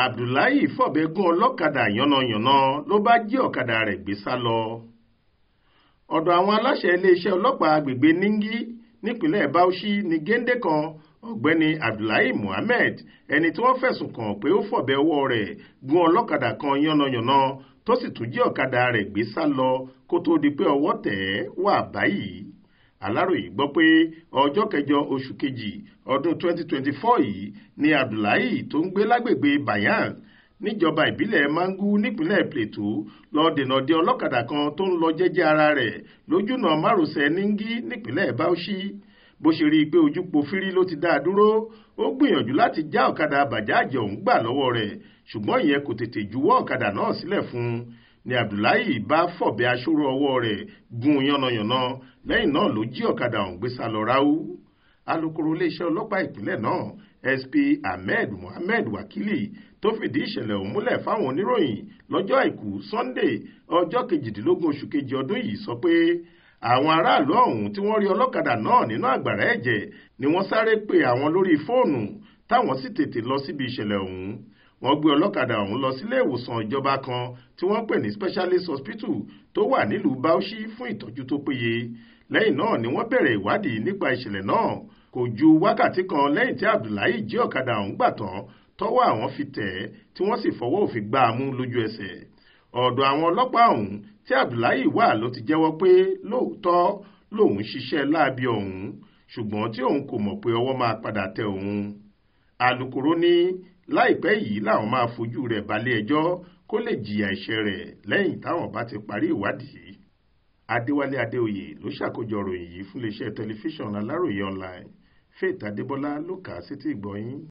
abdullahi fọ̀bẹ gún ọlọ́kadà yánnayànna ló bá jí ọ̀kadà rẹ̀ gbé sá lọ. ọ̀dọ̀ àwọn aláṣẹ iléeṣẹ́ ọlọ́pàá agbègbè ningi nípínlẹ̀ bauchi ní géńdé kan ọ̀gbẹ́ni abdullahi muhammed ẹni tí wọ́n fẹ̀sùn kàn pé ó fọ̀bẹ ọwọ́ rẹ̀ gún ọlọ́kadà kan yánnayànna tó sì tún jí ọ̀kadà rẹ̀ gbé sá lọ kó tóó di pé ọwọ́ tẹ̀ wà báyìí aláròye gbọ́ pé ọjọ́ kẹjọ oṣù kejì ọdún 2024 yìí ni abdullahi tó ń gbé lágbègbè bayan níjọba ìbílẹ̀ mangu nípínlẹ̀ plateau lọ dènà de ọlọ́kadà kan tó ń lọ jẹ́jẹ́ ara rẹ̀ lójúnà márosẹ̀ ningi nípínlẹ̀ bauchi bó ṣe rí i pé ojú po fírí ló ti dá a dúró ó gbìyànjú láti já ọ̀kadà bàjáàjì ọ̀hún gbà lọ́wọ́ rẹ̀ ṣùgbọ́n ìyẹn kò tètè juwọ́ ọ̀kadà náà sílẹ̀ fún un ni abdullahi bá fọ̀bẹ aṣọ́rọ̀ ọwọ́ rẹ̀ gún yánnayànna lẹ́yìn náà ló jí ọ̀kadà ọ̀hún gbé sá lọ ráú alukoro iléeṣẹ́ ọlọ́pàá ìpínlẹ̀ náà sp ahmed mohammed wakili tó fìdí ìṣẹ̀lẹ̀ ọ̀hún múlẹ̀ fáwọn oníròyìn lọ́jọ́ àìkú sunday ọjọ́ kejìdínlógún oṣù kejì ọdún yìí sọ pé àwọn aráàlú ọ̀hún tí wọ́n rí ọlọ́kadà náà nínú àgbàrá ẹ̀jẹ̀ ni wọ́n sáré pè àwọn lórí fóònù táwọn sì tètè lọ síbi ìṣẹ̀lẹ̀ ọ̀hún wọ́n gbé ọlọ́kadà ọ̀hún lọ sílé ìwòsàn ìjọba kan tí wọ́n pè ní specialist hospital tó wà nílùú Bauchi fún ìtọ́jú tó péye lẹ́yìn náà ni wọ́n bẹ̀rẹ̀ ìwádìí nípa ìṣẹ̀lẹ̀ náà kò ju wákàtí kan lẹ́yìn tí Abdullahi jí ọ̀kadà ọ̀hún gbà tán tọ́wọ́ àwọn fi tẹ̀ ẹ́ tí wọ́n sì fọwọ́ òfin gbá a mú lójú ẹsẹ̀ ọ̀dọ̀ àwọn ọlọ́pàá ọ̀hún tí Abdullahi wà ló ti jẹ́wọ́ pé lóòótọ́ lòun ṣiṣẹ́ láabi ọ̀hún ṣùgbọ́n tí òun kò mọ̀ pé ọwọ́ máa padà tẹ òun alukoro ní láìpẹ́ yìí làwọn máa fojú rẹ̀ balẹ̀-ẹjọ́ kó lè jìyà ẹ̀ṣẹ̀ rẹ̀ lẹ́yìn táwọn bá ti parí ìwádìí adéwálé adéoyè ló ṣàkójọ ròyìn yìí fún iléeṣẹ́ tẹlifíṣàn aláròye online faith adébọlá ló kà á sétí ìgbọ́